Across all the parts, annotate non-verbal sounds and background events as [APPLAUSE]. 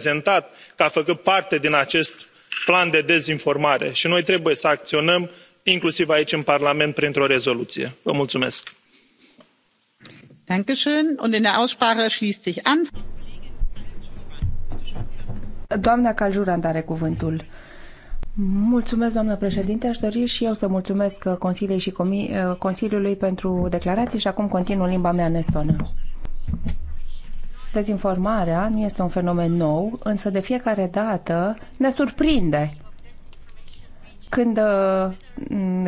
prezentat ca făcând parte din acest plan de dezinformare și noi trebuie să acționăm inclusiv aici în parlament printr o rezoluție. vă mulțumesc. doamna kaljurand are cuvântul. Mulțumesc, doamnă președinte. Aș dori și eu să mulțumesc uh, și uh, Consiliului pentru declarații și acum continuă în limba mea în estonă. Dezinformarea nu este un fenomen nou, însă de fiecare dată ne surprinde când uh,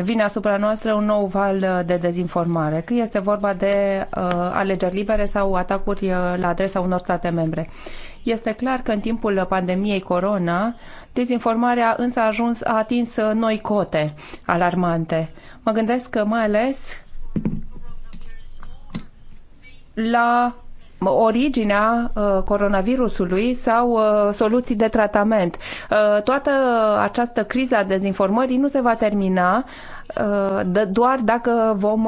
vine asupra noastră un nou val uh, de dezinformare, că este vorba de uh, alegeri libere sau atacuri la adresa unor state membre. Este clar că în timpul pandemiei corona, dezinformarea însă a, ajuns, a atins noi cote alarmante. Mă gândesc că mai ales la originea uh, coronavirusului sau uh, soluții de tratament. Uh, toată această criză a dezinformării nu se va termina doar dacă vom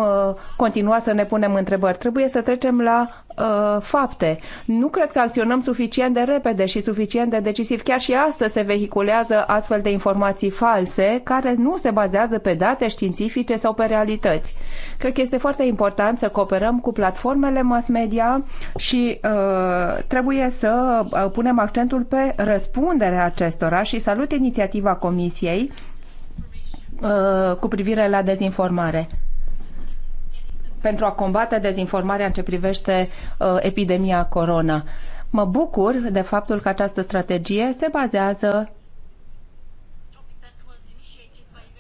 continua să ne punem întrebări. Trebuie să trecem la Uh, fapte. Nu cred că acționăm suficient de repede și suficient de decisiv. Chiar și astăzi se vehiculează astfel de informații false care nu se bazează pe date științifice sau pe realități. Cred că este foarte important să cooperăm cu platformele mass media și uh, trebuie să uh, punem accentul pe răspunderea acestora și salut inițiativa Comisiei uh, cu privire la dezinformare pentru a combate dezinformarea în ce privește uh, epidemia corona. Mă bucur de faptul că această strategie se bazează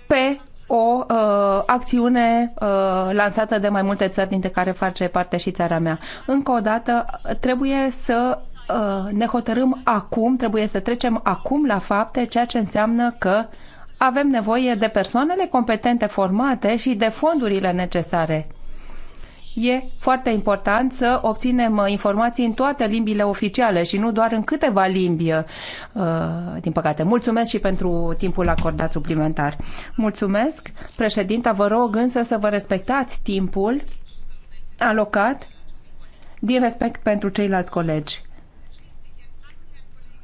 pe o uh, acțiune uh, lansată de mai multe țări, dintre care face parte și țara mea. Încă o dată, trebuie să uh, ne hotărâm acum, trebuie să trecem acum la fapte, ceea ce înseamnă că avem nevoie de persoanele competente formate și de fondurile necesare e foarte important să obținem informații în toate limbile oficiale și nu doar în câteva limbi, uh, din păcate. Mulțumesc și pentru timpul acordat suplimentar. Mulțumesc. Președinta, vă rog însă să vă respectați timpul alocat din respect pentru ceilalți colegi.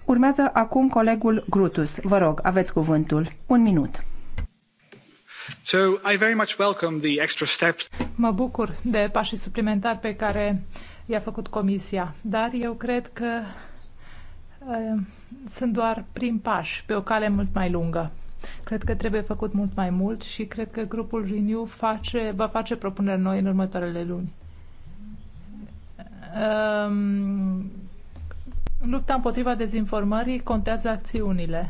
Urmează acum colegul Grutus. Vă rog, aveți cuvântul. Un minut. So I very much welcome the extra steps. Mă bucur de pașii suplimentari pe care i-a făcut Comisia, dar eu cred că uh, sunt doar prim pași pe o cale mult mai lungă. Cred că trebuie făcut mult mai mult și cred că grupul Renew face, va face propuneri noi în următoarele luni. Um, lupta împotriva dezinformării contează acțiunile.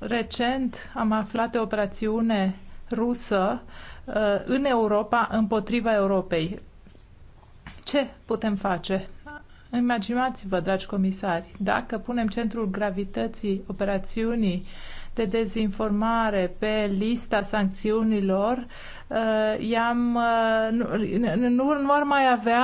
Recent am aflat de operațiune rusă uh, în Europa împotriva Europei. Ce putem face? Imaginați-vă, dragi comisari, dacă punem centrul gravității operațiunii de dezinformare pe lista sancțiunilor uh, i-am, uh, nu, nu, nu vor mai avea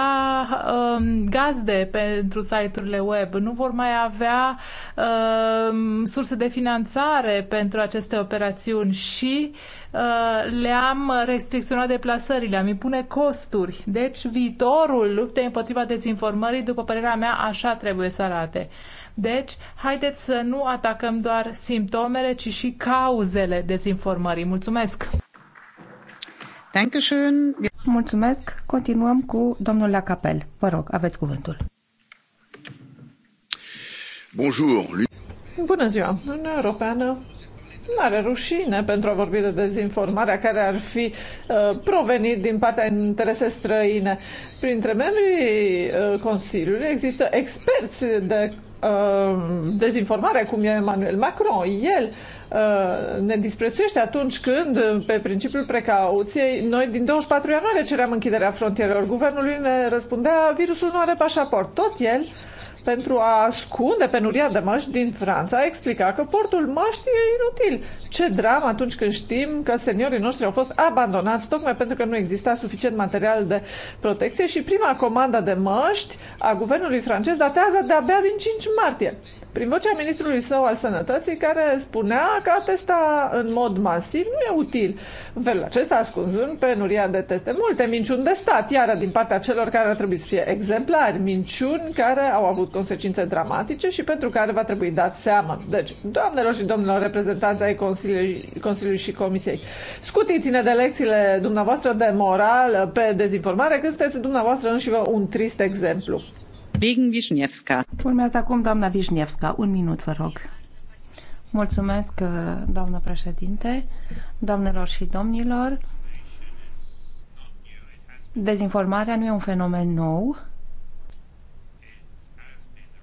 uh, gazde pentru site-urile web, nu vor mai avea uh, surse de finanțare pentru aceste operațiuni și uh, le-am restricționat deplasările, am impune costuri. Deci viitorul luptei împotriva dezinformării, după părerea mea, așa trebuie să arate. Deci, haideți să nu atacăm doar simptomele, ci și cauzele dezinformării. Mulțumesc! Mulțumesc. Continuăm cu domnul Lacapel. Vă rog, aveți cuvântul. Bonjour. Bună ziua! Uniunea Europeană nu are rușine pentru a vorbi de dezinformarea care ar fi uh, provenit din partea interese străine. Printre membrii uh, Consiliului există experți de uh, dezinformare, cum e Emmanuel Macron. El uh, Uh, ne disprețuiește atunci când, pe principiul precauției, noi din 24 ianuarie ceream închiderea frontierelor. Guvernului ne răspundea, virusul nu are pașaport. Tot el, pentru a ascunde penuria de măști din Franța, a explicat că portul măștii e inutil. Ce dramă atunci când știm că seniorii noștri au fost abandonați tocmai pentru că nu exista suficient material de protecție și prima comandă de măști a guvernului francez datează de-abia din 5 martie prin vocea ministrului său al sănătății, care spunea că a testa în mod masiv nu e util. În felul acesta, ascunzând penuria de teste, multe minciuni de stat, iar din partea celor care ar trebui să fie exemplari, minciuni care au avut consecințe dramatice și pentru care va trebui dat seama. Deci, doamnelor și domnilor reprezentanți ai Consiliului, Consiliului și Comisiei, scutiți-ne de lecțiile dumneavoastră de moral pe dezinformare, că sunteți dumneavoastră înși un trist exemplu. Urmează acum doamna Vișnievska. Un minut, vă rog. Mulțumesc, uh, doamnă președinte, doamnelor și domnilor. Dezinformarea nu e un fenomen nou.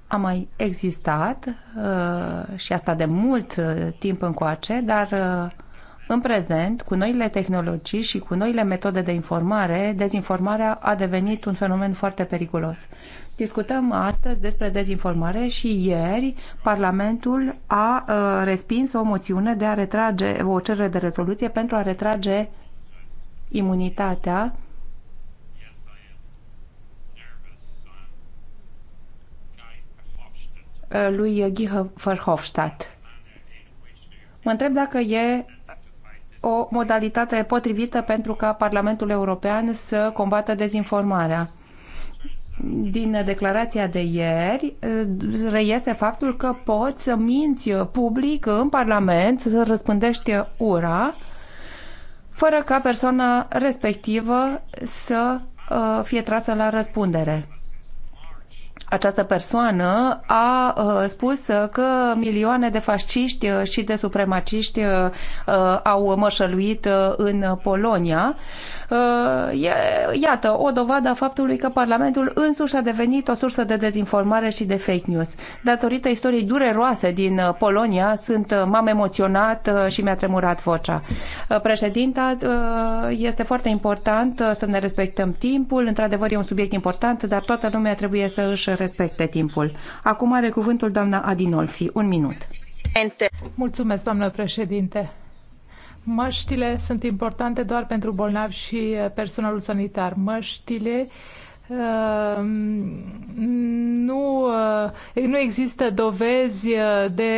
A mai existat uh, și asta de mult uh, timp încoace, dar în prezent, cu noile tehnologii și cu noile metode de informare, dezinformarea a devenit un fenomen foarte periculos. Discutăm astăzi despre dezinformare și ieri Parlamentul a uh, respins o moțiune de a retrage o cerere de rezoluție pentru a retrage imunitatea uh, lui Guy Verhofstadt. Mă întreb dacă e o modalitate potrivită pentru ca Parlamentul European să combată dezinformarea. Din declarația de ieri reiese faptul că poți să minți public în Parlament, să răspândești ura, fără ca persoana respectivă să uh, fie trasă la răspundere această persoană a uh, spus că milioane de fasciști uh, și de supremaciști uh, au mărșăluit în Polonia Uh, iată, o dovadă a faptului că Parlamentul însuși a devenit o sursă de dezinformare și de fake news. Datorită istoriei dureroase din uh, Polonia, sunt, uh, m-am emoționat și mi-a tremurat vocea. Președinta, este foarte important să ne respectăm timpul. Într-adevăr, e un subiect important, dar toată lumea trebuie să își respecte timpul. Acum are cuvântul doamna Adinolfi. Un minut. Mulțumesc, doamnă președinte. Măștile sunt importante doar pentru bolnavi și uh, personalul sanitar. Măștile uh, nu, uh, nu există dovezi de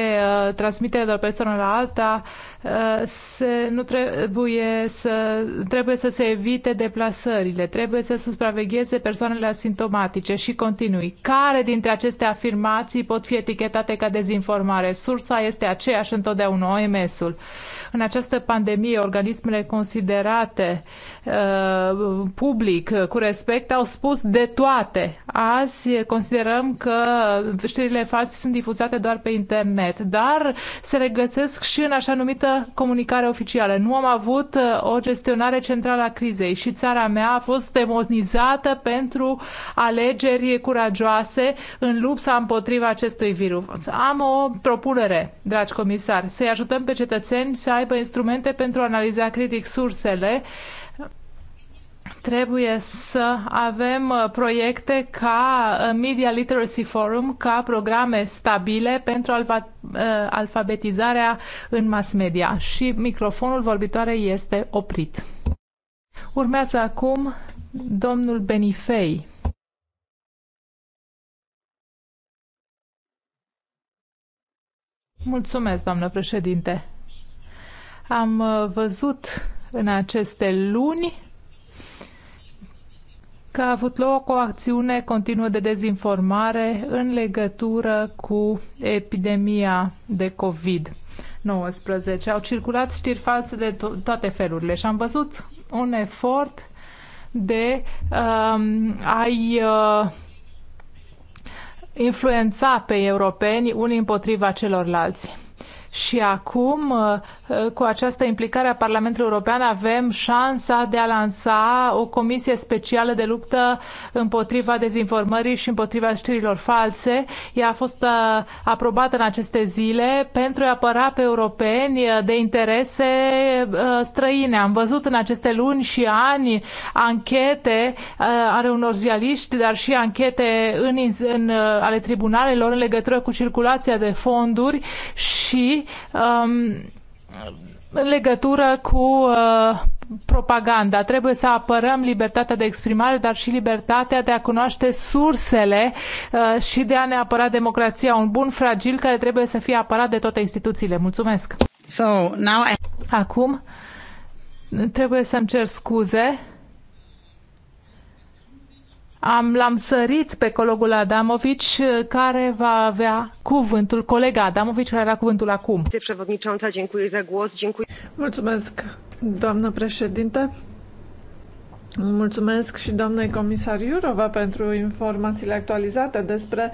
transmitere de la persoană la alta Uh, se, nu trebuie să, trebuie să se evite deplasările, trebuie să supravegheze persoanele asimptomatice și continui. Care dintre aceste afirmații pot fi etichetate ca dezinformare? Sursa este aceeași întotdeauna, OMS-ul. În această pandemie, organismele considerate uh, public uh, cu respect au spus de toate. Azi considerăm că știrile false sunt difuzate doar pe internet, dar se regăsesc și în așa numită comunicare oficială, nu am avut uh, o gestionare centrală a crizei și țara mea a fost demonizată pentru alegeri curajoase în lupta împotriva acestui virus. Am o propunere, dragi comisari, să-i ajutăm pe cetățeni să aibă instrumente pentru a analiza critic sursele trebuie să avem uh, proiecte ca uh, Media Literacy Forum, ca programe stabile pentru uh, alfabetizarea în mass media. Și microfonul vorbitoare este oprit. Urmează acum domnul Benifei. Mulțumesc, doamnă președinte. Am văzut în aceste luni că a avut loc o acțiune continuă de dezinformare în legătură cu epidemia de COVID-19. Au circulat știri false de to- toate felurile și am văzut un efort de um, a-i uh, influența pe europeni unii împotriva celorlalți. Și acum, uh, uh, cu această implicare a Parlamentului European, avem șansa de a lansa o comisie specială de luptă împotriva dezinformării și împotriva știrilor false. Ea a fost uh, aprobată în aceste zile pentru a apăra pe europeni de interese străine. Am văzut în aceste luni și ani anchete ale unor zialiști, dar și anchete în, în, ale tribunalelor în legătură cu circulația de fonduri și um, în legătură cu uh, propaganda. Trebuie să apărăm libertatea de exprimare, dar și libertatea de a cunoaște sursele uh, și de a ne apăra democrația, un bun fragil care trebuie să fie apărat de toate instituțiile. Mulțumesc! So, now I... Acum trebuie să-mi cer scuze am, l-am sărit pe colegul Adamovici uh, care va avea cuvântul, colega Adamovici care avea cuvântul acum. Mulțumesc, doamnă președinte. Mulțumesc și doamnei comisar Iurova pentru informațiile actualizate despre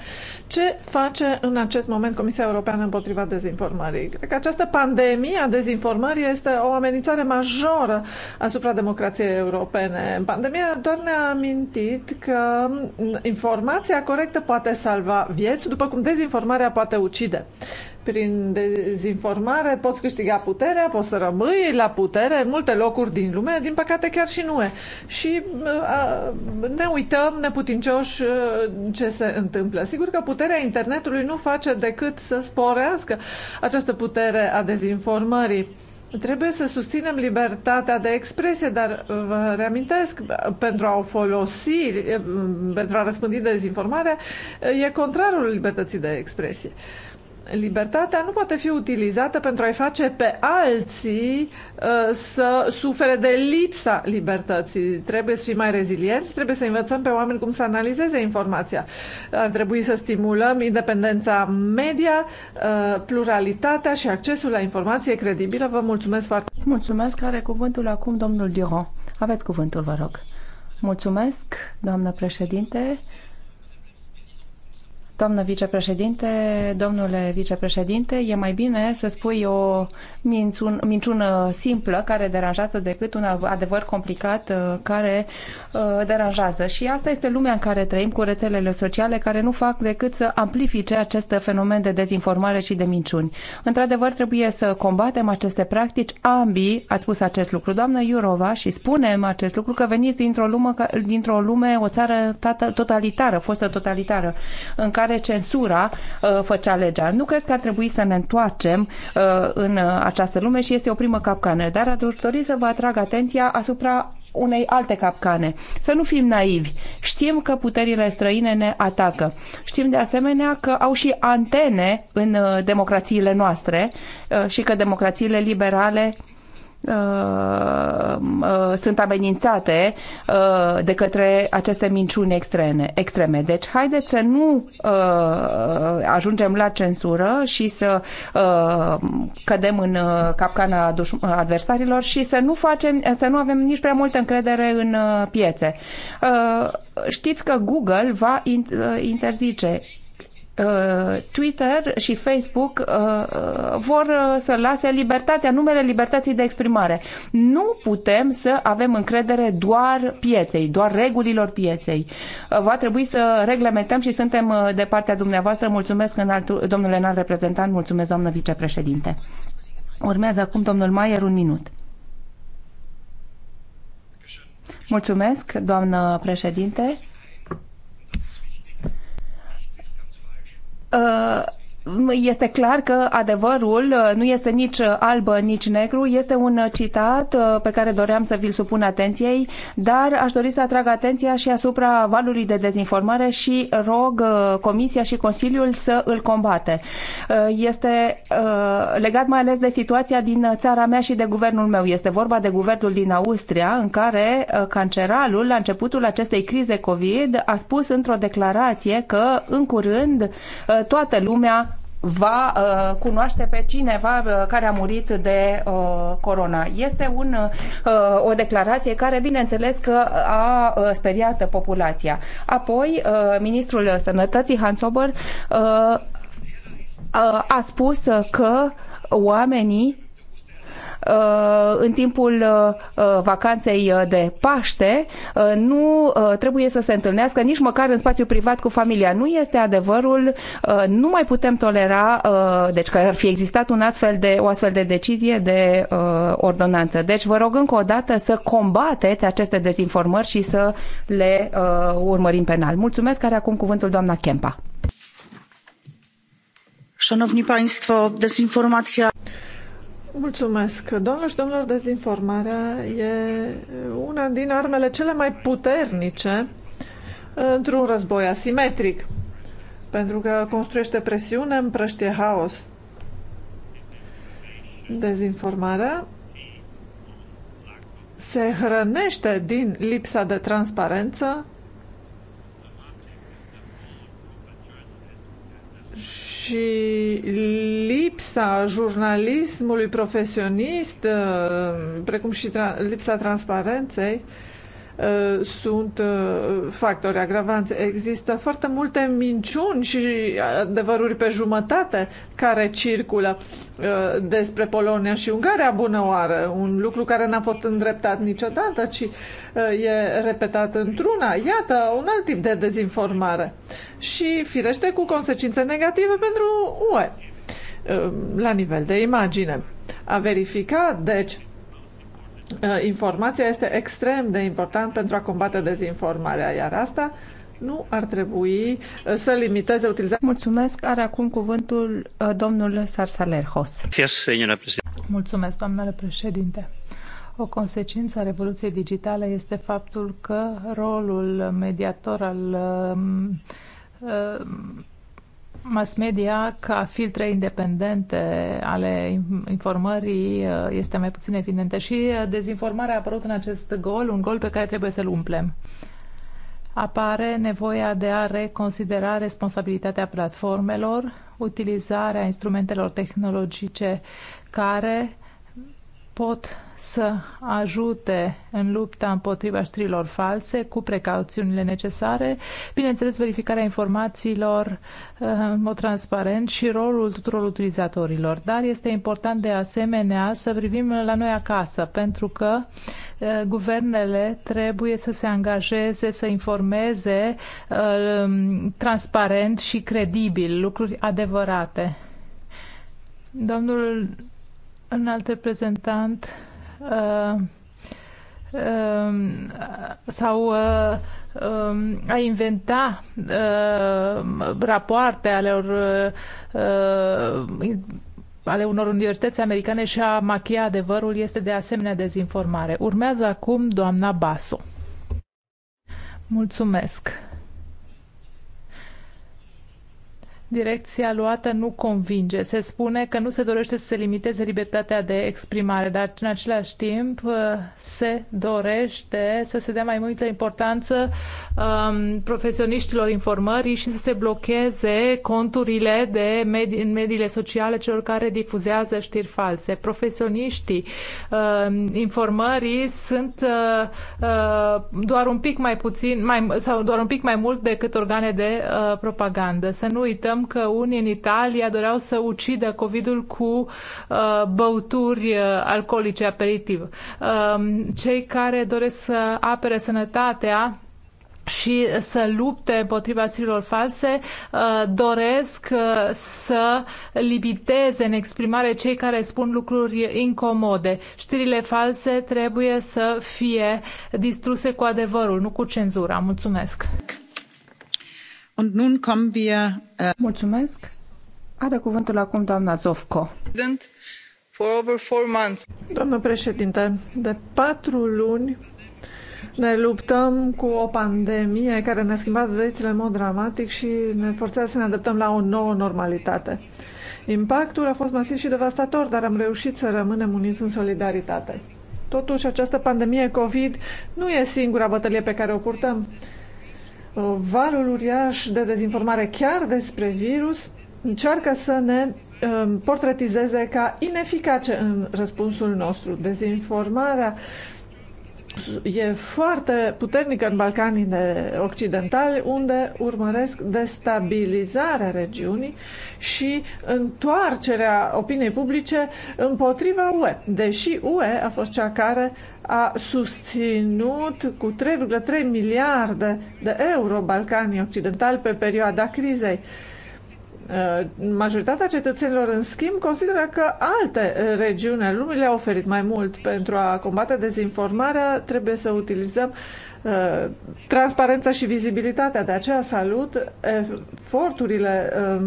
ce face în acest moment Comisia Europeană împotriva dezinformării. Cred că această pandemie a dezinformării este o amenințare majoră asupra democrației europene. Pandemia doar ne-a amintit că informația corectă poate salva vieți, după cum dezinformarea poate ucide prin dezinformare poți câștiga puterea, poți să rămâi la putere în multe locuri din lume, din păcate chiar și nu e. Și uh, ne uităm neputincioși uh, ce se întâmplă. Sigur că puterea internetului nu face decât să sporească această putere a dezinformării. Trebuie să susținem libertatea de expresie, dar uh, vă reamintesc, pentru a o folosi, uh, pentru a răspândi dezinformare, uh, e contrarul libertății de expresie. Uh, libertatea nu poate fi utilizată pentru a-i face pe alții uh, să sufere de lipsa libertății. Trebuie să fim mai rezilienți, trebuie să învățăm pe oameni cum să analizeze informația. Ar trebui să stimulăm independența media, uh, pluralitatea și accesul la informație credibilă. Vă mulțumesc foarte mult! Mulțumesc! Are cuvântul acum domnul Durand. Aveți cuvântul, vă rog. Mulțumesc, doamnă președinte. Doamnă vicepreședinte, domnule vicepreședinte, e mai bine să spui o minciun, minciună simplă care deranjează decât un adevăr complicat uh, care uh, deranjează. Și asta este lumea în care trăim cu rețelele sociale care nu fac decât să amplifice acest fenomen de dezinformare și de minciuni. Într-adevăr, trebuie să combatem aceste practici. Ambii ați spus acest lucru, doamnă Iurova, și spunem acest lucru că veniți dintr-o lume, dintr-o lume o țară totalitară, fostă totalitară, în care care censura uh, făcea legea. Nu cred că ar trebui să ne întoarcem uh, în uh, această lume și este o primă capcană, dar aș dori să vă atrag atenția asupra unei alte capcane. Să nu fim naivi. Știm că puterile străine ne atacă. Știm de asemenea că au și antene în democrațiile noastre și că democrațiile liberale Uh, uh, sunt amenințate uh, de către aceste minciuni extreme. extreme. Deci haideți să nu ajungem la censură și să cădem în capcana adversarilor și să nu facem, să nu avem nici prea multă încredere în piețe. Știți că Google va interzice Uh, Twitter și Facebook uh, uh, vor să lase libertatea, numele libertății de exprimare. Nu putem să avem încredere doar pieței, doar regulilor pieței. Va trebui să reglementăm și suntem de partea dumneavoastră. Mulțumesc, înaltul, domnule înalt reprezentant, mulțumesc, doamnă vicepreședinte. Urmează acum domnul Maier un minut. Mulțumesc, doamnă președinte. uh, este clar că adevărul uh, nu este nici uh, alb, uh, nici negru. Este un citat pe care doream să vi-l supun atenției, dar aș dori să atrag atenția și asupra valului de dezinformare și rog Comisia și Consiliul să îl combate. Este legat mai ales de situația din țara mea și de guvernul meu. Este vorba de guvernul din Austria, în care canceralul, la începutul acestei crize COVID, a spus într-o declarație că în curând toată lumea va uh, cunoaște pe cineva uh, care a murit de uh, corona. Este un, uh, o declarație care, bineînțeles, că a uh, speriat populația. Apoi, uh, ministrul Sănătății, Hans Ober, uh, uh a spus că oamenii Uh, în timpul uh, uh, vacanței de Paște nu trebuie să se întâlnească nici măcar în spațiu privat cu familia. Nu este adevărul, nu mai putem tolera, deci că ar fi existat un astfel de, o astfel de decizie de ordonanță. Deci vă rog încă o dată să combateți aceste dezinformări și să le urmărim penal. Mulțumesc, care acum cuvântul doamna Kempa. Szanowni Państwo, dezinformacja. Mulțumesc. Domnilor și domnilor, dezinformarea e una din armele cele mai puternice uh, într-un război asimetric, pentru că construiește presiune, împrăștie haos. Dezinformarea se hrănește din lipsa de transparență și lipsa jurnalismului profesionist, uh, precum și tra- lipsa transparenței, uh, sunt uh, factori agravanți. Există foarte multe minciuni și adevăruri pe jumătate care circulă despre Polonia și Ungaria bună oară, un lucru care n-a fost îndreptat niciodată, ci e repetat într-una. Iată, un alt tip de dezinformare. Și firește cu consecințe negative pentru UE. Uh, la nivel de imagine. A verifica, deci, uh, informația este extrem de important pentru a combate dezinformarea, iar asta nu ar trebui uh, să limiteze utilizarea. Mulțumesc. Are acum cuvântul domnul Sarsalerhos. Mulțumesc, domnule președinte. O consecință a revoluției digitale este faptul că rolul mediator al um, Mass media, ca filtre independente ale informării, uh, este mai puțin evidentă și uh, dezinformarea a apărut în acest gol, un gol pe care trebuie să-l umplem. Apare nevoia de a reconsidera responsabilitatea platformelor, utilizarea instrumentelor tehnologice care pot să ajute în lupta împotriva știrilor false cu precauțiunile necesare, bineînțeles verificarea informațiilor eh, în mod transparent și rolul tuturor utilizatorilor. Dar este important de asemenea să privim la noi acasă, pentru că eh, guvernele trebuie să se angajeze, să informeze eh, transparent și credibil lucruri adevărate. Domnul înalt reprezentant Uh, uh, sau uh, um, a inventa rapoarte ale, or, ale unor universități americane și a machia adevărul este de asemenea dezinformare. Urmează acum doamna Baso. Mulțumesc. direcția luată nu convinge. Se spune că nu se dorește să se limiteze libertatea de exprimare, dar în același timp uh, se dorește să se dea mai multă importanță um, profesioniștilor informării și să se blocheze conturile de medii, în mediile sociale celor care difuzează știri false. Profesioniștii um, informării sunt uh, uh, doar un pic mai puțin mai, sau doar un pic mai mult decât organe de uh, propagandă. Să nu uităm aflam că unii în Italia doreau să ucidă COVID-ul cu uh, băuturi uh, alcoolice, aperitiv. Um, cei care doresc să apere sănătatea și să lupte împotriva țirilor false, uh, doresc să limiteze în exprimare cei care spun lucruri incomode. Știrile false trebuie să fie distruse cu adevărul, nu cu cenzura. Mulțumesc! Äh, cuvântul acum Doamnă președintă, de patru luni ne luptăm cu o pandemie care ne-a schimbat viețile în mod dramatic și ne forțează să ne adaptăm la o nouă normalitate. Impactul a fost masiv și devastator, dar am reușit să rămânem uniți în solidaritate. Totuși, această pandemie COVID nu e singura bătălie pe care o purtăm. Uh, valul uriaș de dezinformare chiar despre virus încearcă să ne um, portretizeze ca ineficace în răspunsul nostru. Dezinformarea e foarte puternică în Balcanii de Occidentali, unde urmăresc destabilizarea regiunii și întoarcerea opiniei publice împotriva UE, deși UE a fost cea care a susținut cu 3,3 miliarde de euro Balcanii Occidentali pe perioada crizei. Uh, majoritatea cetățenilor, în schimb, consideră că alte regiuni ale lumii le-au oferit mai mult. Pentru a combate dezinformarea, trebuie să utilizăm uh, transparența și vizibilitatea. De aceea salut eforturile um,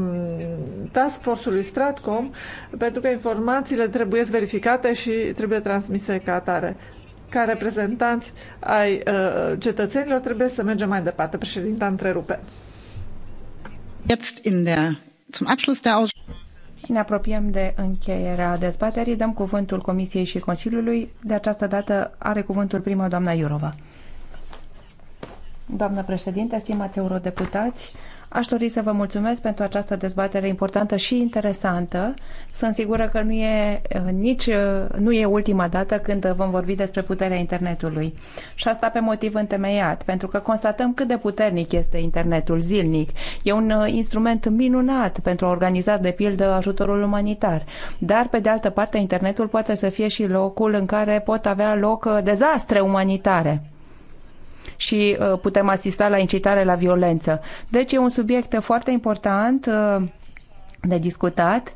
task force-ului Stratcom pentru că informațiile trebuie verificate și trebuie transmise ca atare ca reprezentanți ai uh, cetățenilor, trebuie să mergem mai departe. Președinta întrerupe. in der, zum der Aus ne apropiem de încheierea dezbaterii. Dăm cuvântul Comisiei și Consiliului. De această dată are cuvântul prima doamna Iurova. Doamnă președinte, stimați eurodeputați, Aș dori să vă mulțumesc pentru această dezbatere importantă și interesantă. Sunt sigură că nu e eh, nici eh, nu e ultima dată când vom vorbi despre puterea internetului. Și asta pe motiv întemeiat, pentru că constatăm cât de puternic este internetul zilnic. E un eh, instrument minunat pentru a organiza, de pildă, ajutorul umanitar. Dar, pe de altă parte, internetul poate să fie și locul în care pot avea loc dezastre umanitare și uh, putem asista la incitare la violență. Deci e un subiect foarte important uh, de discutat.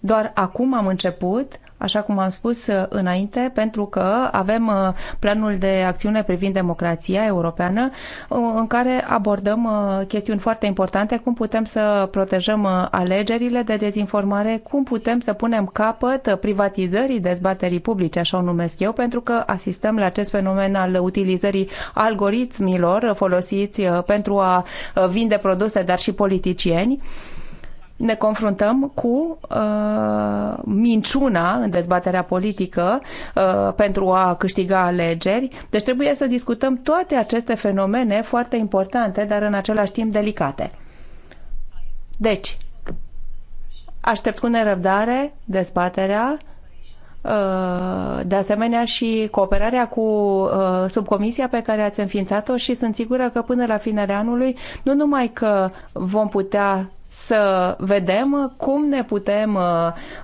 Doar acum am început așa cum am spus uh, înainte, pentru că avem uh, planul de acțiune privind democrația europeană, uh, în care abordăm chestiuni foarte importante, cum putem să protejăm alegerile de dezinformare, cum putem să punem capăt privatizării dezbaterii publice, așa o numesc eu, pentru că asistăm la acest fenomen al utilizării algoritmilor folosiți pentru a vinde produse, dar și politicieni ne confruntăm cu uh, minciuna în dezbaterea politică uh, pentru a câștiga alegeri. Deci trebuie să discutăm toate aceste fenomene foarte importante, dar în același timp delicate. Deci, aștept cu nerăbdare dezbaterea uh, de asemenea și cooperarea cu uh, subcomisia pe care ați înființat-o și sunt sigură că până la finele anului nu numai că vom putea să vedem cum ne putem uh,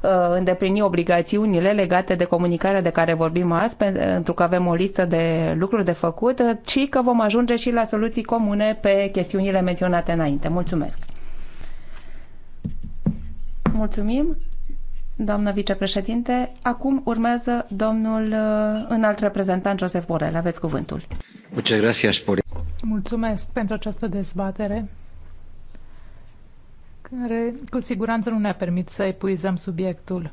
uh, îndeplini obligațiunile legate de comunicarea de care vorbim azi, pentru că avem o listă de lucruri de făcut, ci că vom ajunge și la soluții comune pe chestiunile menționate înainte. Mulțumesc! Mulțumim! Doamnă vicepreședinte, acum urmează domnul uh, înalt reprezentant Josef Borel. Aveți cuvântul. Mulțumesc pentru această dezbatere care cu siguranță nu ne-a permis să epuizăm subiectul.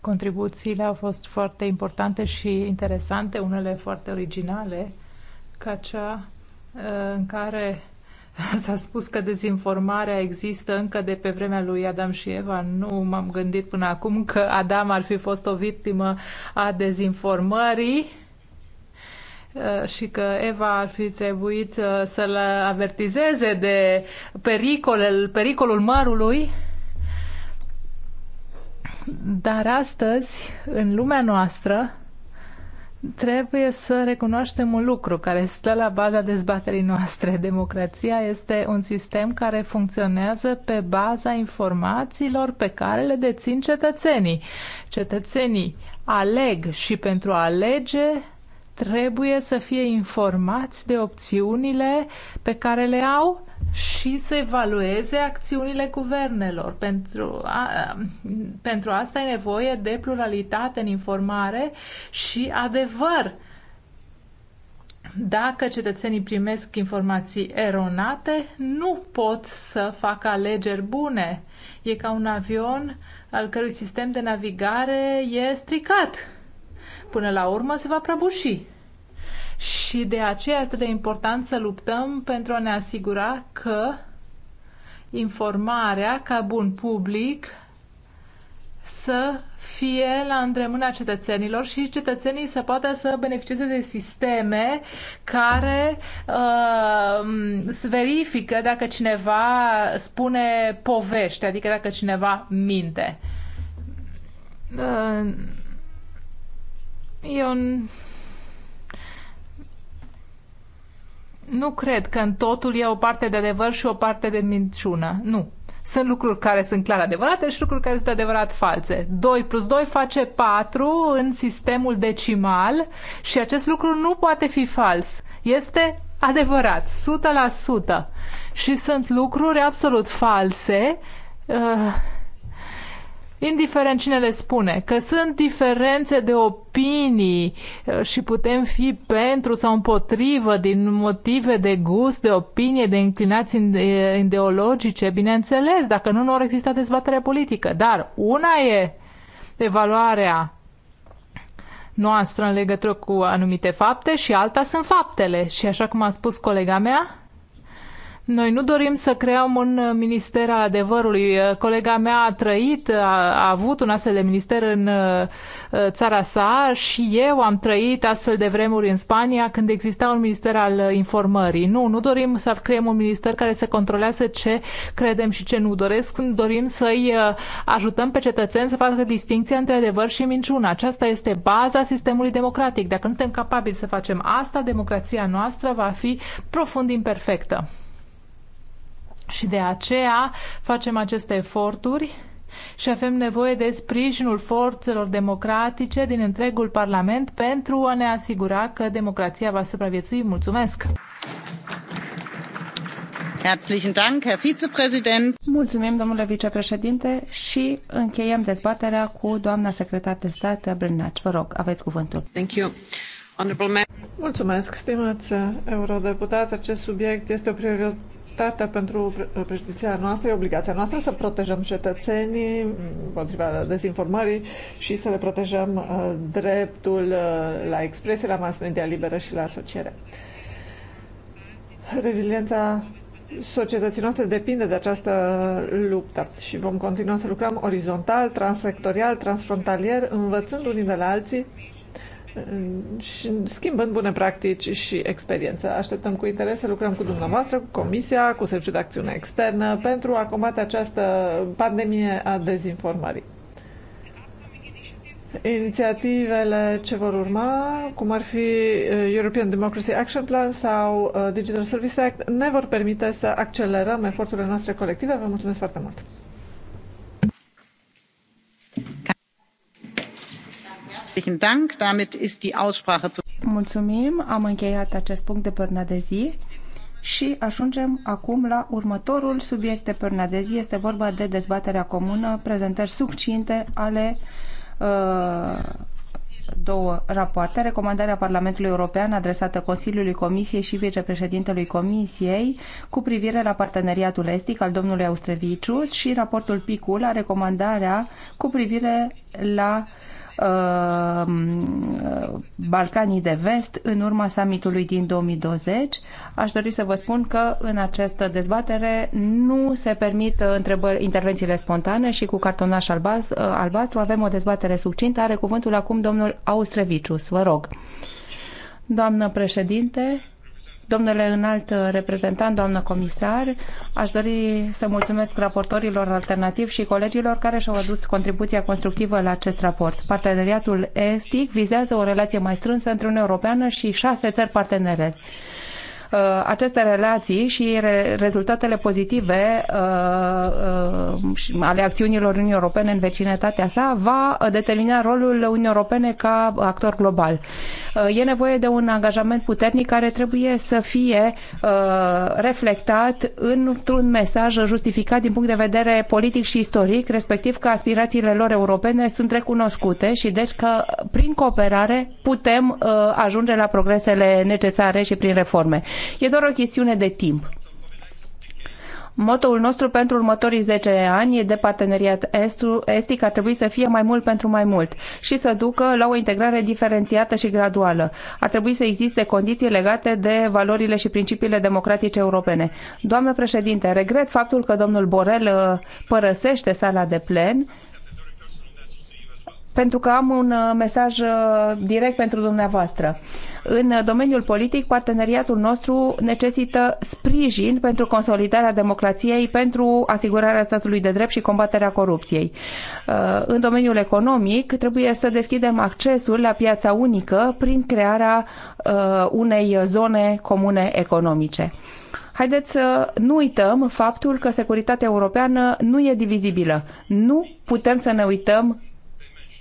Contribuțiile au fost foarte importante și interesante, unele foarte originale, ca cea uh, în care [LAUGHS] s-a spus că dezinformarea există încă de pe vremea lui Adam și Eva. Nu m-am gândit până acum că Adam ar fi fost o victimă a dezinformării Uh, și că Eva ar fi trebuit uh, să-l avertizeze de pericolul, pericolul mărului. Dar astăzi, în lumea noastră, trebuie să recunoaștem un lucru care stă la baza dezbaterii noastre. [LAUGHS] Democrația este un sistem care funcționează pe baza informațiilor pe care le dețin cetățenii. Cetățenii aleg și pentru a alege trebuie să fie informați de opțiunile pe care le au și să evalueze acțiunile guvernelor. Pentru, a, pentru asta e nevoie de pluralitate în informare și adevăr. Dacă cetățenii primesc informații eronate, nu pot să facă alegeri bune. E ca un avion al cărui sistem de navigare e stricat până la urmă se va prăbuși. Și de aceea atât de important să luptăm pentru a ne asigura că informarea ca bun public să fie la îndemâna cetățenilor și cetățenii să poată să beneficieze de sisteme care uh, verifică dacă cineva spune povești, adică dacă cineva minte. Uh, eu nu cred că în totul e o parte de adevăr și o parte de minciună. Nu. Sunt lucruri care sunt clar adevărate și lucruri care sunt adevărat false. 2 plus 2 face 4 în sistemul decimal și acest lucru nu poate fi fals. Este adevărat, 100%. Și sunt lucruri absolut false uh, indiferent cine le spune, că sunt diferențe de opinii uh, și putem fi pentru sau împotrivă din motive de gust, de opinie, de inclinații ideologice, bineînțeles, dacă nu, nu ar exista dezbatere politică. Dar una e evaluarea noastră în legătură cu anumite fapte și alta sunt faptele. Și așa cum a spus colega mea, noi nu dorim să creăm un minister al adevărului. Colega mea a trăit, a, a avut un astfel de minister în uh, țara sa și eu am trăit astfel de vremuri în Spania când exista un minister al informării. Nu, nu dorim să creăm un minister care să controlează ce credem și ce nu doresc. Dorim să-i uh, ajutăm pe cetățeni să facă distinția între adevăr și minciună. Aceasta este baza sistemului democratic. Dacă nu suntem capabili să facem asta, democrația noastră va fi profund imperfectă. Și de aceea facem aceste eforturi și avem nevoie de sprijinul forțelor democratice din întregul Parlament pentru a ne asigura că democrația va supraviețui. Mulțumesc! Mulțumim, domnule vicepreședinte, și încheiem dezbaterea cu doamna secretar de stat Brânaci. Vă rog, aveți cuvântul. Thank you. Mulțumesc, stimați eurodeputat. Acest subiect este o prioritate prioritatea pentru uh, președinția noastră, e obligația noastră să protejăm cetățenii împotriva dezinformării și să le protejăm uh, dreptul uh, la expresie, la mass media liberă și la asociere. Reziliența societății noastre depinde de această luptă și vom continua să lucrăm orizontal, transsectorial, transfrontalier, învățând unii de la alții și schimbând bune practici și experiență. Așteptăm cu interes să lucrăm cu dumneavoastră, cu Comisia, cu Serviciul de Acțiune Externă pentru a combate această pandemie a dezinformării. Inițiativele ce vor urma, cum ar fi uh, European Democracy Action Plan sau uh, Digital Service Act, ne vor permite să accelerăm eforturile noastre colective. Vă mulțumesc foarte mult! Herzlichen Dank. Damit ist die Aussprache Mulțumim, am încheiat acest punct de pernă de zi. Și ajungem acum la următorul subiect de pernă de zi. Este vorba de dezbaterea comună, prezentări succinte ale uh, două rapoarte. Recomandarea Parlamentului European adresată Consiliului Comisiei și vicepreședintelui Comisiei cu privire la parteneriatul estic al domnului Austrevicius și raportul picula recomandarea cu privire la uh, Uh, Balcanii de Vest în urma summitului din 2020. Aș dori să vă spun că în această dezbatere nu se permit uh, întrebări, intervențiile spontane și cu cartonaș albaz, uh, albastru avem o dezbatere succintă. Are cuvântul acum domnul Austrevicius. Vă rog. Doamnă președinte, Domnule înalt reprezentant, doamnă comisar, aș dori să mulțumesc raportorilor alternativi și colegilor care și-au adus contribuția constructivă la acest raport. Parteneriatul estic vizează o relație mai strânsă între Uniunea Europeană și șase țări partenere. Uh, aceste relații și rezultatele pozitive uh, uh, ale acțiunilor Uniunii Europene în vecinătatea sa va determina rolul Uniunii Europene ca actor global. E nevoie de un angajament puternic care trebuie să fie reflectat într-un mesaj justificat din punct de vedere politic și istoric, respectiv că aspirațiile lor europene sunt recunoscute și deci că prin cooperare putem ajunge la progresele necesare și prin reforme. E doar o chestiune de timp. Motoul nostru pentru următorii 10 ani de parteneriat estic ar trebui să fie mai mult pentru mai mult și să ducă la o integrare diferențiată și graduală. Ar trebui să existe condiții legate de valorile și principiile democratice europene. Doamnă președinte, regret faptul că domnul Borel uh, părăsește sala de plen pentru că am un uh, mesaj uh, direct pentru dumneavoastră. În uh, domeniul politic, parteneriatul nostru necesită sprijin pentru consolidarea democrației, pentru asigurarea statului de drept și combaterea corupției. În domeniul economic, trebuie să deschidem accesul la piața unică prin crearea unei zone comune economice. Haideți să nu uităm faptul că securitatea europeană nu e divizibilă. Nu putem să ne uităm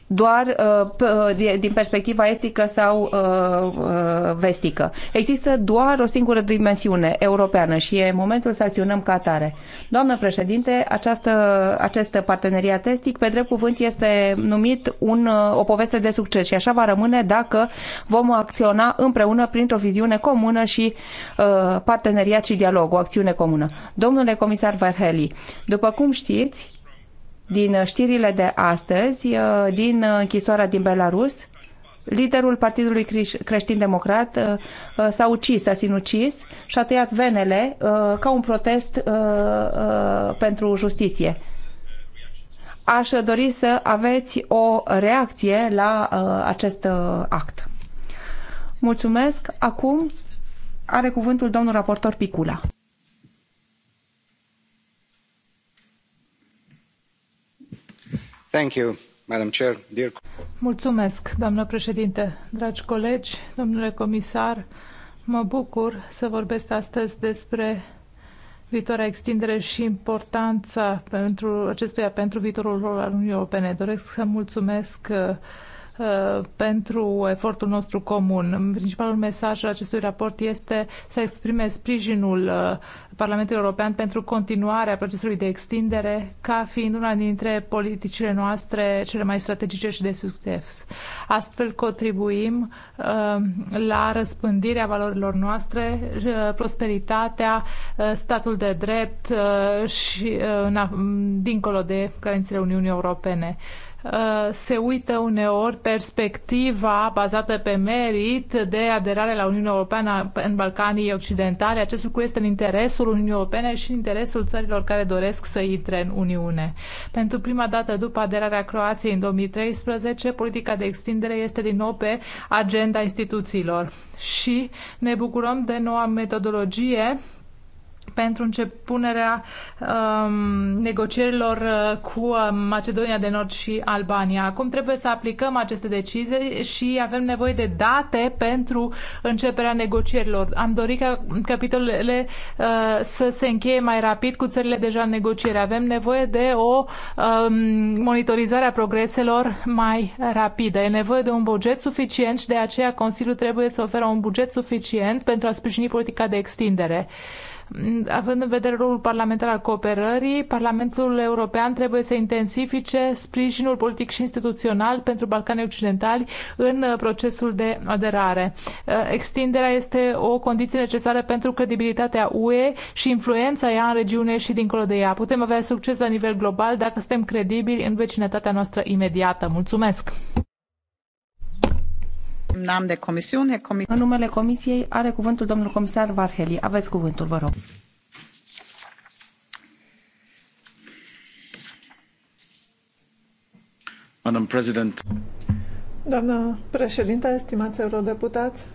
doar uh, uh din perspectiva estică sau uh, uh, vestică. Există doar o singură dimensiune europeană și e momentul să acționăm ca atare. Doamnă președinte, această, această parteneriat estic, pe drept cuvânt, este numit un, uh, o poveste de succes și așa va rămâne dacă vom acționa împreună printr-o viziune comună și uh, parteneriat și dialog, o acțiune comună. Domnule comisar Varheli, după cum știți, din uh, știrile de astăzi, uh, din uh, închisoarea din Belarus, liderul Partidului Creștin-Democrat s-a ucis, s-a sinucis și a tăiat venele ca un protest pentru justiție. Aș dori să aveți o reacție la acest act. Mulțumesc. Acum are cuvântul domnul raportor Picula. Mulțumesc, doamnă președinte, dragi colegi, domnule comisar. Mă bucur să vorbesc astăzi despre viitoarea extindere și importanța pentru, acestuia pentru viitorul rol al Uniunii Europene. Doresc să mulțumesc uh, Uh, pentru efortul nostru comun. Principalul mesaj al acestui raport este să exprime sprijinul uh, Parlamentului European pentru continuarea procesului de extindere ca fiind una dintre politicile noastre cele mai strategice și de succes. Astfel contribuim uh, la răspândirea valorilor noastre, prosperitatea, statul de drept și dincolo de granițele Uniunii Europene. Uh, se uită uneori perspectiva bazată pe merit de aderare la Uniunea Europeană în Balcanii Occidentale. Acest lucru este în interesul Uniunii Europene și în interesul țărilor care doresc să intre în Uniune. Pentru prima dată după aderarea Croației în 2013, politica de extindere este din nou pe agenda instituțiilor și ne bucurăm de noua metodologie pentru începunerea um, negocierilor uh, cu uh, Macedonia de Nord și Albania. Acum trebuie să aplicăm aceste decizii și avem nevoie de date pentru începerea negocierilor. Am dorit ca capitolele uh, să se încheie mai rapid cu țările deja în negociere. Avem nevoie de o um, monitorizare a progreselor mai rapidă. E nevoie de un buget suficient și de aceea Consiliul trebuie să oferă un buget suficient pentru a sprijini politica de extindere. Având în vedere rolul parlamentar al cooperării, Parlamentul European trebuie să intensifice sprijinul politic și instituțional pentru Balcanii Occidentali în uh, procesul de aderare. Uh, extinderea este o condiție necesară pentru credibilitatea UE și influența ea în regiune și dincolo de ea. Putem avea succes la nivel global dacă suntem credibili în vecinătatea noastră imediată. Mulțumesc! În numele Comisiei are cuvântul domnul comisar Varheli. Aveți cuvântul, vă rog. Madam President. Doamnă președintă, stimați eurodeputați,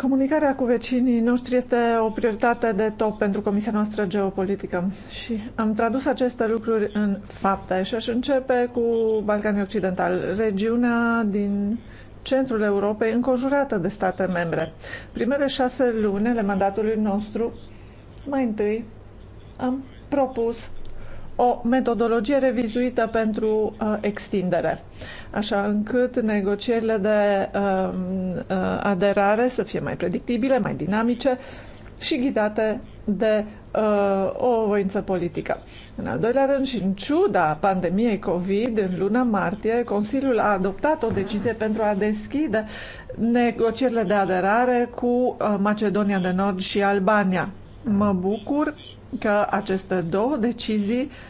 Comunicarea cu vecinii noștri este o prioritate de top pentru Comisia noastră geopolitică și am tradus aceste lucruri în fapte și aș începe cu Balcanii Occidental, regiunea din centrul Europei înconjurată de state membre. Primele șase luni ale mandatului nostru, mai întâi, am propus o metodologie revizuită pentru uh, extindere, așa încât negocierile de uh, uh, aderare să fie mai predictibile, mai dinamice și ghidate de uh, o voință politică. În al doilea rând, și în ciuda pandemiei COVID, în luna martie, Consiliul a adoptat o decizie pentru a deschide negocierile de aderare cu uh, Macedonia de Nord și Albania. Mă bucur că aceste două decizii uh,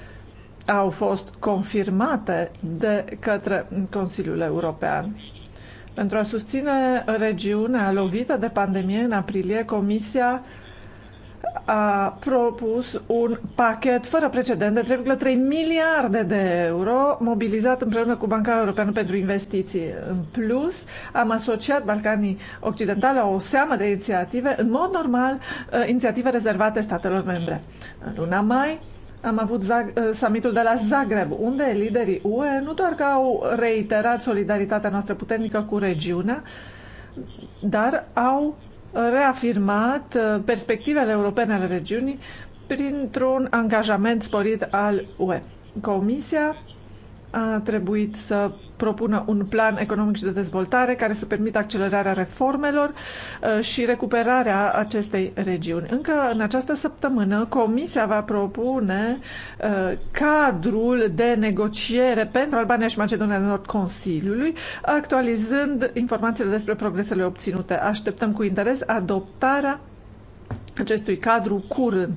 au fost confirmate de către Consiliul European. Pentru a susține regiunea lovită de pandemie în aprilie, Comisia a propus un pachet fără precedent de 3,3 miliarde de euro mobilizat împreună cu Banca Europeană pentru Investiții. În plus, am asociat Balcanii Occidentale o seamă de inițiative, în mod normal, eh, inițiative rezervate statelor membre. În luna mai, am avut Zag- uh, summitul de la Zagreb, unde liderii UE nu doar că au reiterat solidaritatea noastră puternică cu regiunea, dar au reafirmat uh, perspectivele europene ale regiunii printr-un angajament sporit al UE. Comisia a trebuit să propună un plan economic și de dezvoltare care să permită accelerarea reformelor uh, și recuperarea acestei regiuni. Încă în această săptămână, Comisia va propune uh, cadrul de negociere pentru Albania și Macedonia de Nord Consiliului, actualizând informațiile despre progresele obținute. Așteptăm cu interes adoptarea acestui cadru curând.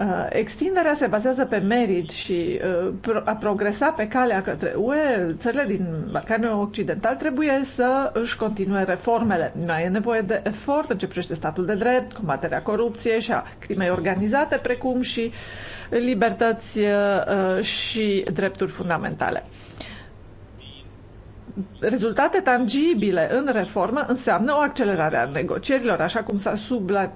Uh, extinderea se bazează pe merit și uh, a progresa pe calea către UE, țările din Balcanul Occidental trebuie să își continue reformele. Mai e nevoie de efort în ce privește statul de drept, combaterea corupției și a crimei organizate, precum și libertăți uh, și drepturi fundamentale rezultate tangibile în reformă înseamnă o accelerare a negocierilor, așa cum s-a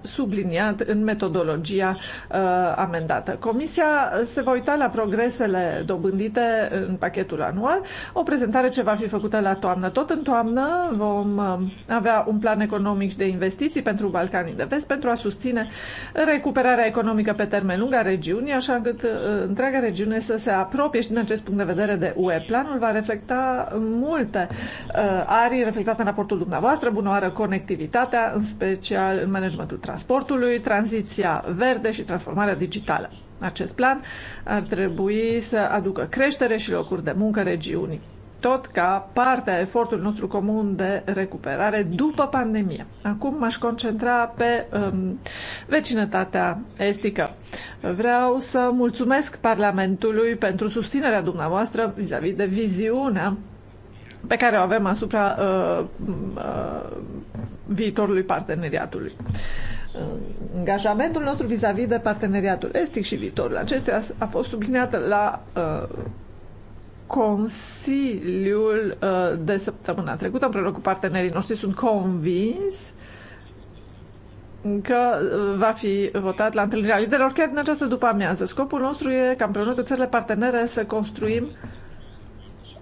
subliniat în metodologia uh, amendată. Comisia se va uita la progresele dobândite în pachetul anual, o prezentare ce va fi făcută la toamnă. Tot în toamnă vom uh, avea un plan economic de investiții pentru Balcanii de Vest pentru a susține recuperarea economică pe termen lung a regiunii, așa încât uh, întreaga regiune să se apropie și din acest punct de vedere de UE. Planul va reflecta mult multe uh, arii reflectate în raportul dumneavoastră. Bună oară, conectivitatea, în special în managementul transportului, tranziția verde și transformarea digitală. Acest plan ar trebui să aducă creștere și locuri de muncă regiunii tot ca parte a efortului nostru comun de recuperare după pandemie. Acum m-aș concentra pe um, vecinătatea estică. Vreau să mulțumesc Parlamentului pentru susținerea dumneavoastră vis-a-vis -vis de viziunea pe care o avem asupra uh, uh, viitorului parteneriatului. Angajamentul nostru vis-a-vis -vis de parteneriatul estic și viitorul acestuia a fost subliniat la uh, Consiliul uh, de săptămâna trecută împreună cu partenerii noștri. Sunt convins că uh, va fi votat la întâlnirea liderilor chiar în această după amiază. Scopul nostru e ca împreună cu țările partenere să construim uh,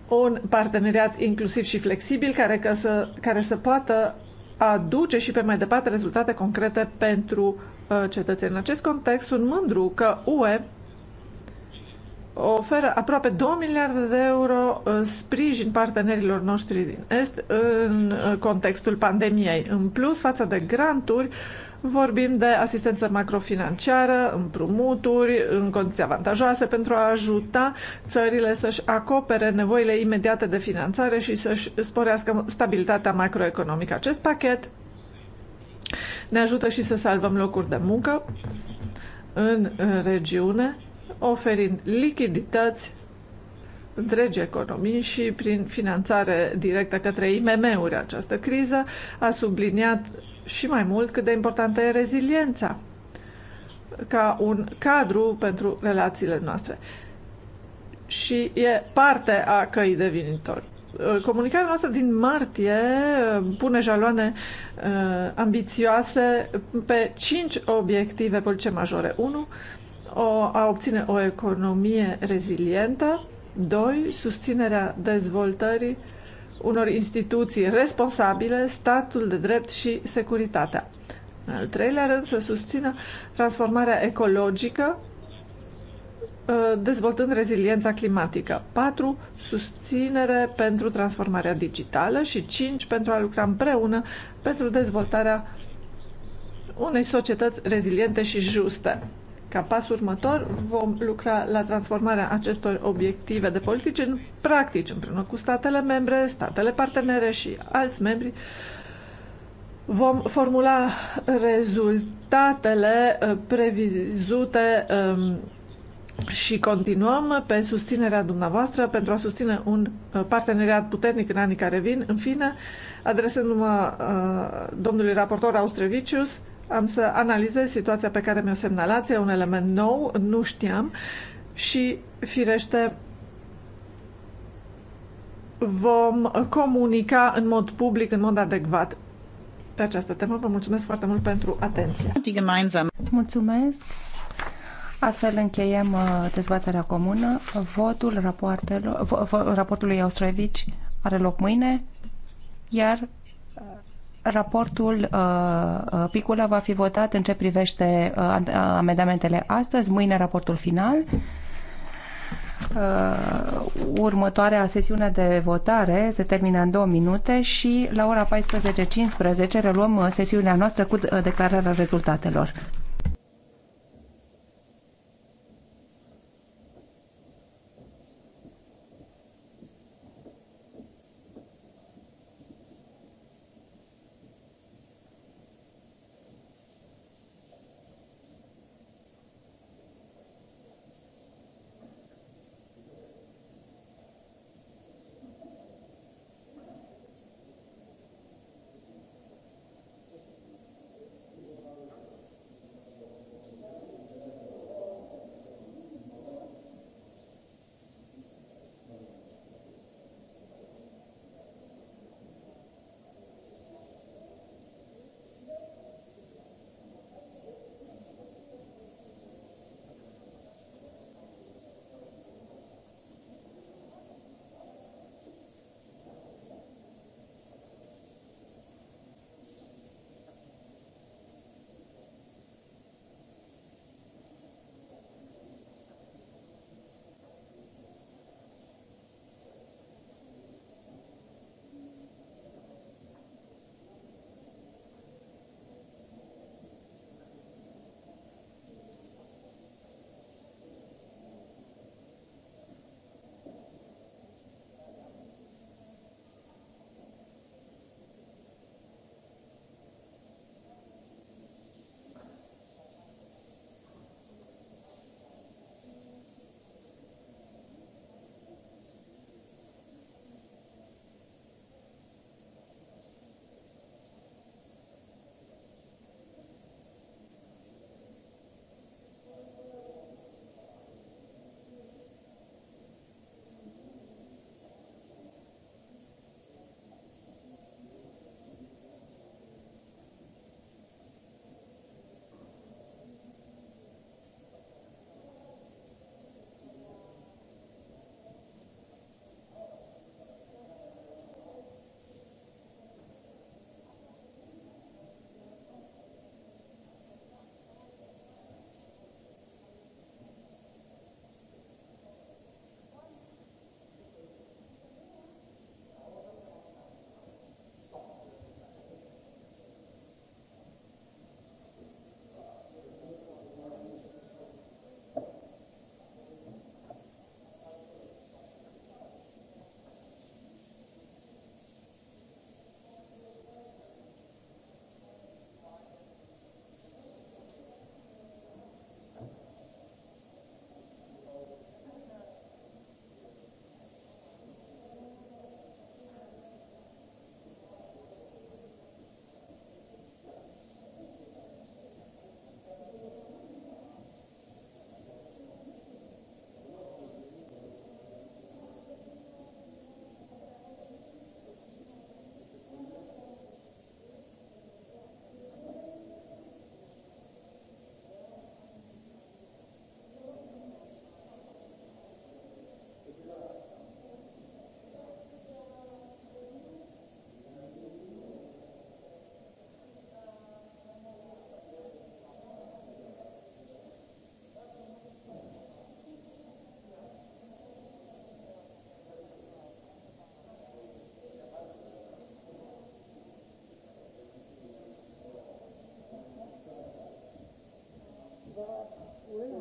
un parteneriat inclusiv și flexibil care, că să, care să poată aduce și pe mai departe rezultate concrete pentru uh, cetățeni. În acest context, sunt mândru că UE oferă aproape 2 miliarde de euro uh, sprijin partenerilor noștri din Est în uh, contextul pandemiei. În plus, față de granturi, uh, Vorbim de asistență macrofinanciară, împrumuturi, în condiții avantajoase pentru a ajuta țările să-și acopere nevoile imediate de finanțare și să-și sporească stabilitatea macroeconomică. Acest pachet ne ajută și să salvăm locuri de muncă în regiune, oferind lichidități întregi economii și prin finanțare directă către IMM-uri. Această criză a subliniat și mai mult cât de importantă e reziliența ca un cadru pentru relațiile noastre. Și e parte a căii de vinitor. Uh, comunicarea noastră din martie uh, pune jaloane uh, ambițioase pe cinci obiective politice majore. 1. O, a obține o economie rezilientă. 2. Susținerea dezvoltării uh, unor instituții responsabile, statul de drept și securitatea. În al treilea rând, să susțină transformarea ecologică, uh, dezvoltând reziliența climatică. 4. Susținere pentru transformarea digitală și 5. Pentru a lucra împreună pentru dezvoltarea unei societăți reziliente și juste. Ca pas următor, vom lucra la transformarea acestor obiective de politici în practici, împreună cu statele membre, statele partenere și alți membri. Vom formula rezultatele uh, previzute um, și continuăm pe susținerea dumneavoastră pentru a susține un uh, parteneriat puternic în anii care vin. În fine, adresându-mă uh, domnului raportor Austrevicius, am să analizez situația pe care mi-o semnalați, e un element nou, nu știam și, firește, vom comunica în mod public, în mod adecvat pe această temă. Vă mulțumesc foarte mult pentru atenție. Mulțumesc! Astfel încheiem uh, dezbaterea comună. Votul raportului Austroevici are loc mâine, iar raportul uh, uh, Picula va fi votat în ce privește uh, uh, amendamentele astăzi, mâine raportul final. Uh, următoarea sesiune de votare se termină în două minute și la ora 14.15 reluăm uh, sesiunea noastră cu declararea rezultatelor.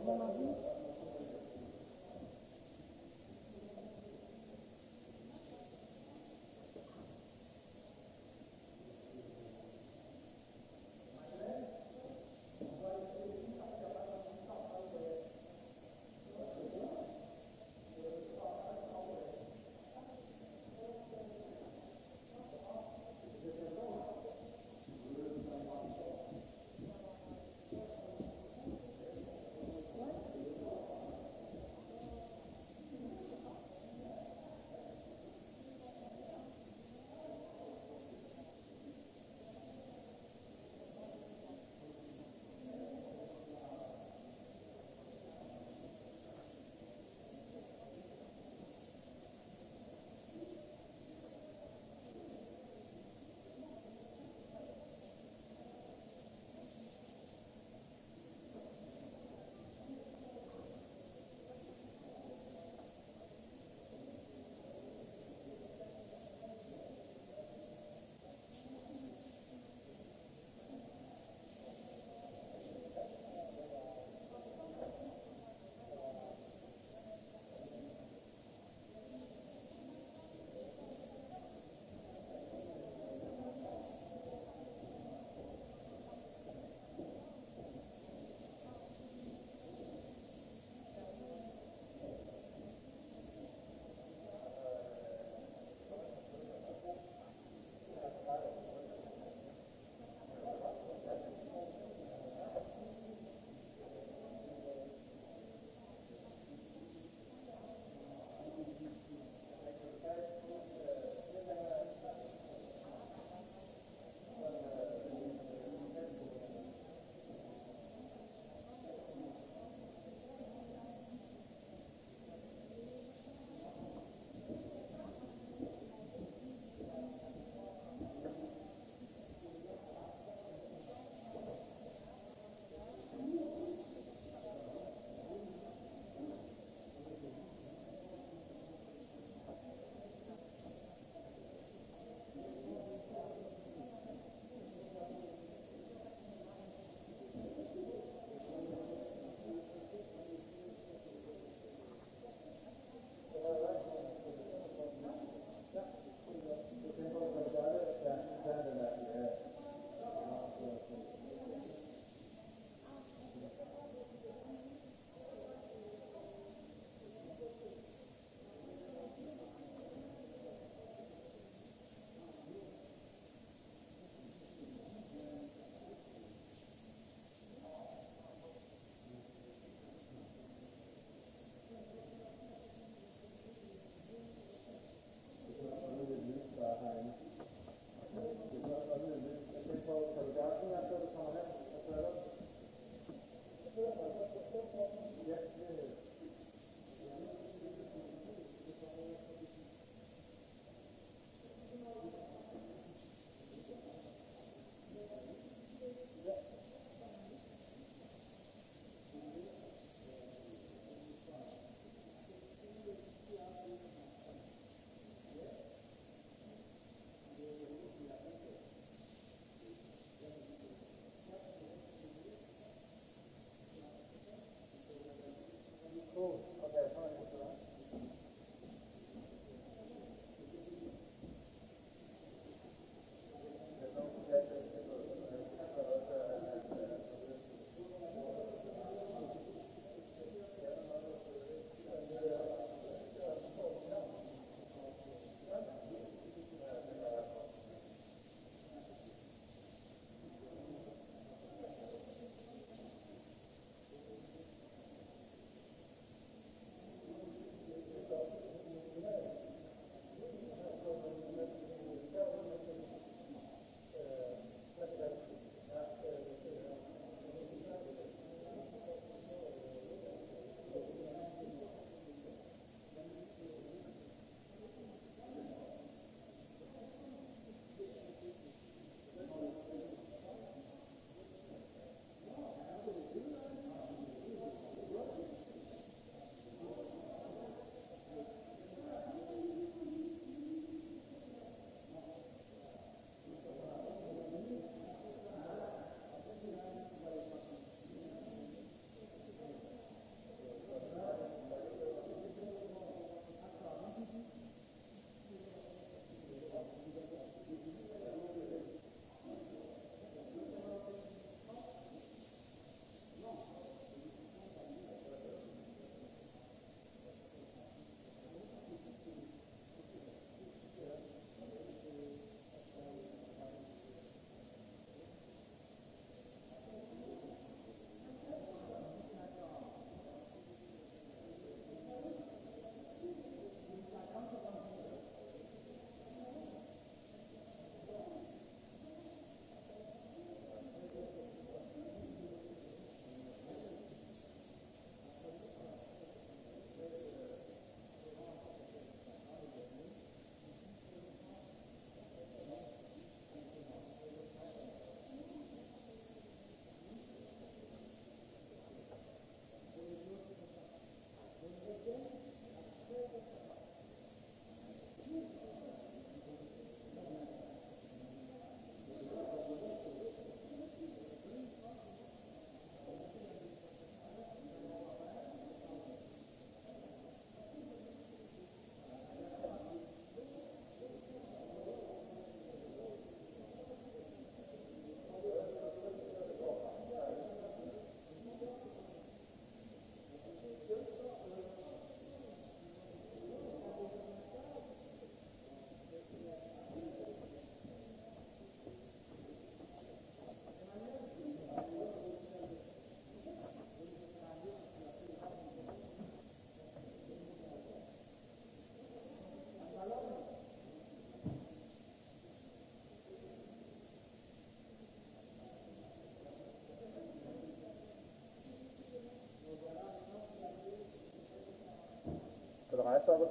mon avis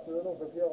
să nu fie o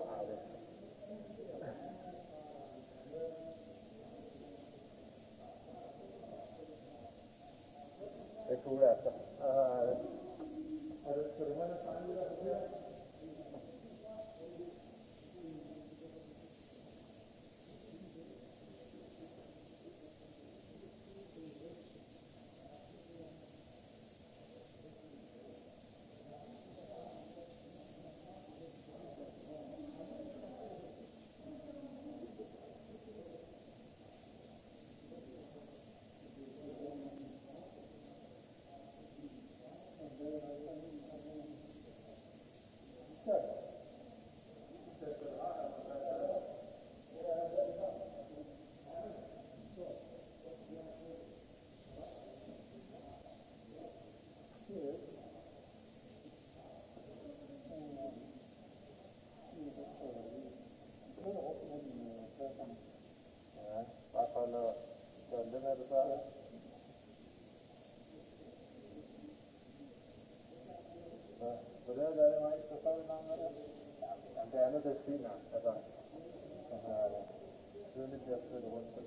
dödade man inte det är lite